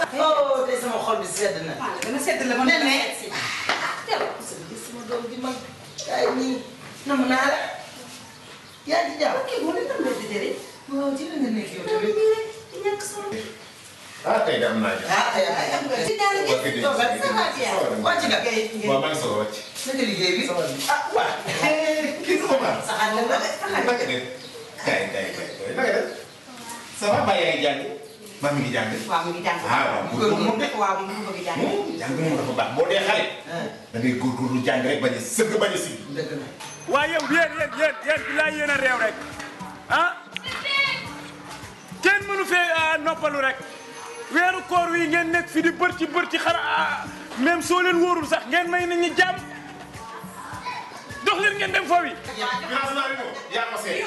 oh tey sama xol bi sedd na. waaw dama sedd la ma ne ne. sama doom bi man kaay nii nam naa la. yaa ngi ci jàmm kii mu ne tam la di jëriñ. waaw ci la nga nekk yow tamit. ñàkk sama. ah tey de am naa jàmm. ah tey am naa jàmm. ci daal di ngeen toogal ça va bien. wàcc nga. waaw maa ngi soog a wàcc. naka liggéey bi. ah waaw. kii nu ma. saxaat na la de. naka def. kay kay kay naka def. ça va ba yaa ngi jàng. maa mi ngi jàng. waaw mi ngi baax boo dee xale. da ngay góorgóorlu jàng rek bañ a sëgg bañ a si. la waaye yow yéen yéen rek ah weeru koor wi ngeen nekk fi di bër ci bër ci xara même soo leen wóorul sax ngeen may nañu jàmm dox leen ngeen dem foofu yi. yaa ma seet.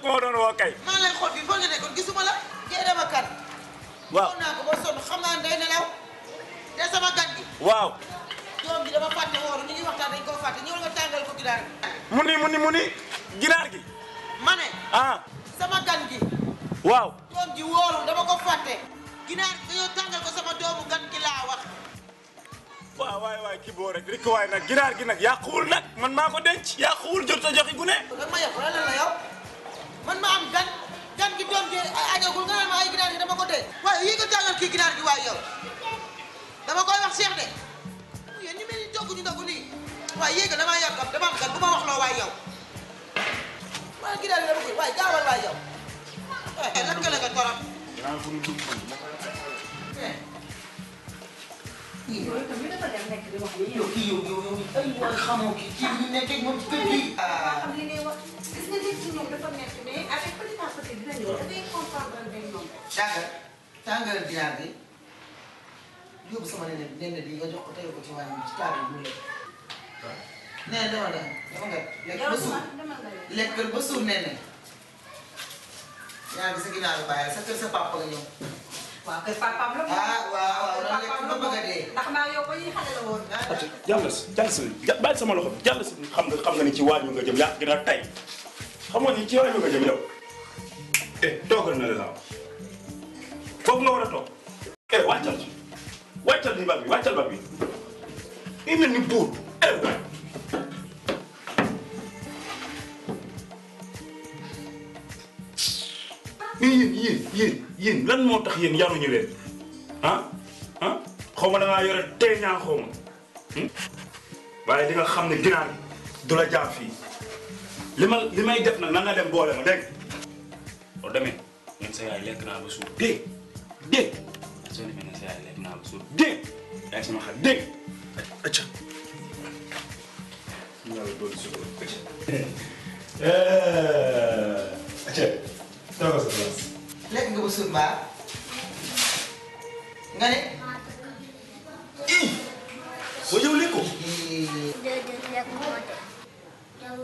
ku ma doon woo kay. maa ngi lay xool fii foo nga nekkoon gisuma ko ba sonn xam naa day nelaw te sama gan gi. waaw. doom bi dama fàtte wooru ni ñuy waxtaan dañ koo fàtte ñëwal nga tàngal ko ginaar gi. mu ni ginaar gi. ma ne. Ah. sama gan waaw. doom ji wooru dama ko fàtte. ginaar gi dañoo ko sama doomu gan laa wax. waaw waay waay kii boo waay nag ginaar gi nag yàquwul nag man maa ko denc yàquwul jot a joxe gune. lan ma yàqu lan la yow. yow yéegal jàllal kii ginaar gi waaye yow dama koy wax Cheikh de oh, yéen ñu ni togg ñu ndogu nii waaye waaye yow waaye gaawal waaye yow eh, eh, tàngal biyaar bi yóbbu sama nene nene bi nga jox ko tey ko ci wàññi mu lekk. nee dama la dama nga lekk ba suur ba suur nene. yaa ngi sa ginnaaw sa kër sa papa nga ñëw. waaw kër papaam la. ah waaw waaw loolu lekk ba sama loxo bi si xam nga xam nga ni ci waañu nga jëm yaa gën a tay xam nga ni ci waañu nga jëm yow. eh toogal na la laaw. foofu nga war a toog. eh wàccal wàccal ni bab bi wàccal bab bi i mel ni buur eh waay. mais yéen yéen yéen yéen lan moo tax yéen yaruñu leen ah ah xaw ma da ngaa yore tey ñaa xaw ma hmm? waaye di nga xam ne ginaar du la jaar fii li ma li may def nag na nga dem boole ma dégg nga. boo demee man lekk naa ba suur dee. dégg soo defee ne sa yaay lekk naa la suuf dégg yaay sama xar dégg acca yàlla doon suuf acca toogal sa place lekk nga ba suuf mbaa nga ne ii soo yow lekk ko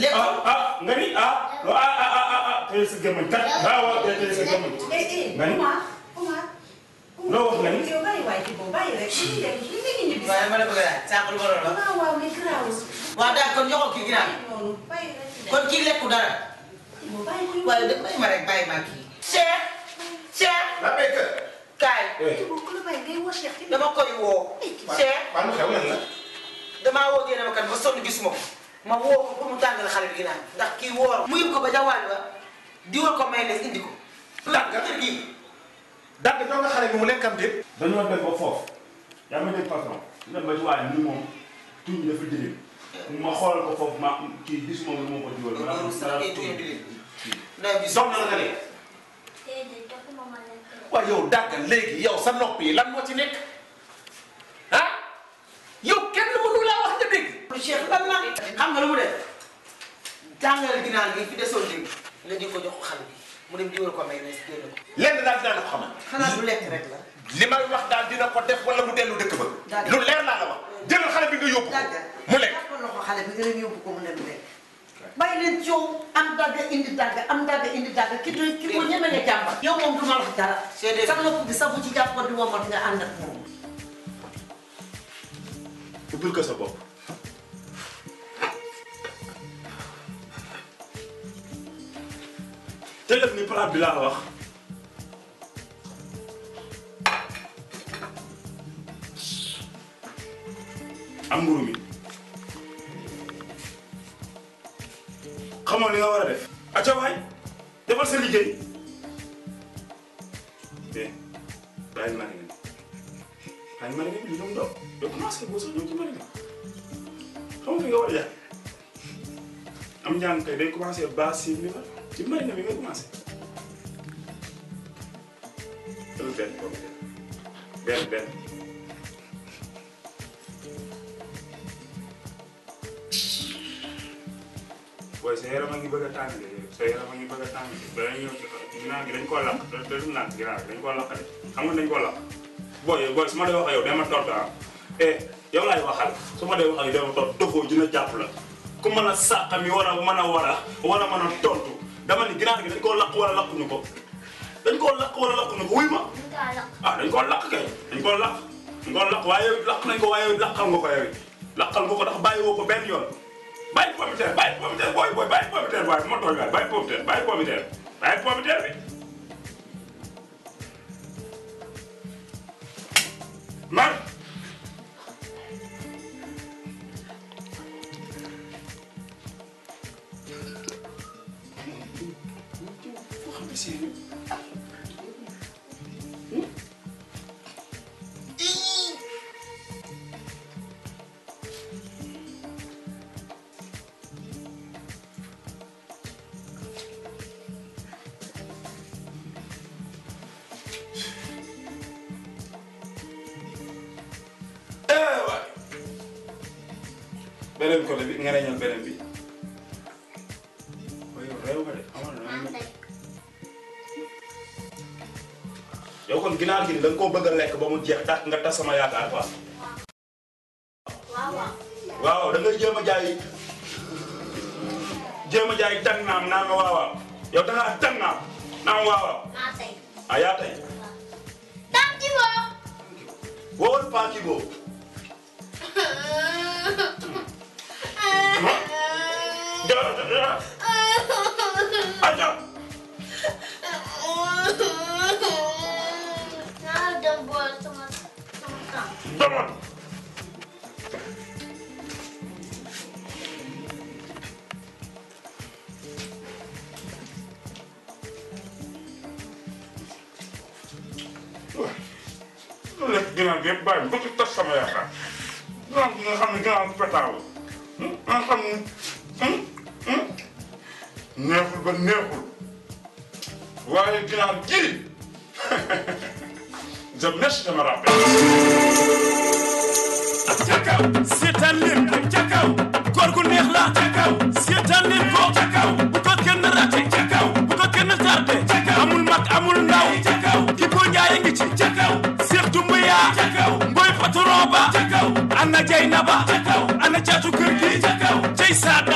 lépp ah ah nga ni ah ah ah ah, ah, ah tey sa gëmmañ kat baawaaw tey sa gëmmañ eh, eh, nga ni loo wax nga ni. yow bàyyi waay ci boobu bàyyi ma ne ko gën a sànq lu kon ñoo ko kii giraar. kon lekku dara. waaye de bàyyi ma rek bàyyi ma kii. Cheikh. Cheikh. la béykat. kaay. Eh. dama koy woo. Eh, Cheikh. waaw xew na ma kan ba sonn ko. ma woo ko pour mu tàngal xale bi ginaar ndax woor. mu ko ba jawaal ba diwal ko mayonnaise indi ko. ndax kër gi. dagg jox nga xale bi mu lekkam déet. dañoo dem ba foofu yaa ma dégg patron dem ba ci waaye ni moom tuñ dafa jëlee ma xoolal ko foofu ma kii gis moom lu ma ko jiwal. ma am dara tuñ bi dox na la nga lekk. waaw yow dagg léegi yow sa nopp yi lan moo ci nekk ah yow kenn mënu laa nga dégg. Cheikh lan la xam nga lu ko jox xale bi. mu dem jiwal ko may nees génn ko. daal dinaa la ko xamal. xanaa du lekk rek li may wax daal dina ko def wala mu dellu dëkk ba. lu leer laa la wax. jëlal xale bi nga yóbbu ko mu lekk. loxo xale bi nga dem yóbbu ko mu dem lekk. bàyyi leen coow am dagga indi dagga am dagga indi dagga ki du ki ko ñeme nga jàmba. yow moom du ma wax dara. séedéer sa nopp bi sax bu ci jàppoon di womat nga ànd ak moom. ubbil ko sa bopp. te ni plat bi laa wax am mburu mi xamoon li nga war def acca sa liggéey mais bàyyi mari nga bàyyi mari nga ñu doom doom yow commencé boo sax ñëw ci mari nga nga war a jaar am njàng kay day commencé base si li ci mbay na mi nga commencé. loolu benn boobu benn benn. booy sa yaram a ngi bëgg a tàng sa yaram a ngi bëgg a tàng bala ñëw ginnaaw gi dañ koo lakk te te du naan ginnaaw gi dañ koo lakk de xam nga dañ koo lakk booy booy su ma dee wax ak yow dama tontu ah eh yow laay waxal su ma dee wax ak yow dama tontu dofoo dina jàpp la ku mën a sàq mi war a mën a war a war a mën a tontu. dama ni ginaar gi dañ koo lakk wala lakkuñu ko dañ koo lakk wala lakkuñu ko wuy ma. ah dañ koo lakk kay dañ koo lakk dañ koo lakk waaye lakk nañ ko waaye lakkal nga ko yow it lakkal nga ko ndax bàyyi woo ko benn yoon bàyyi pomiteer bàyyi pomiteer booy booy bàyyi pomiteer booy bu ma tooñ waay bàyyi pomiteer bàyyi pomiteer bàyyi pomiteer bi waay beneen côté bi nga reñal beneen bi waaye yow réew nga de amal yow kon ginaar gi da koo bëgg a lekk ba mu jeex tax nga tas sama yaakaar quoi. waaw da nga jéem a jaay jéem a jaay tànn naam naa ma yow da ngaa tànn naam naa a yaatay tan jibo wowol pa jibo aja Come on. ñaan yëpp bàyyi ba ko tas sama yaakaar gannaaw bi nga xam ne gannaaw pétaaw la hmm? nga xam ne hmm? Hmm? neexul ba neexul waaye gannaaw gii jëm nes dama ràbbe ca kaw seetaan leen ca kaw góor gu neex la ca kaw seetaan leen ko Zainaba ana catu kurki jai sada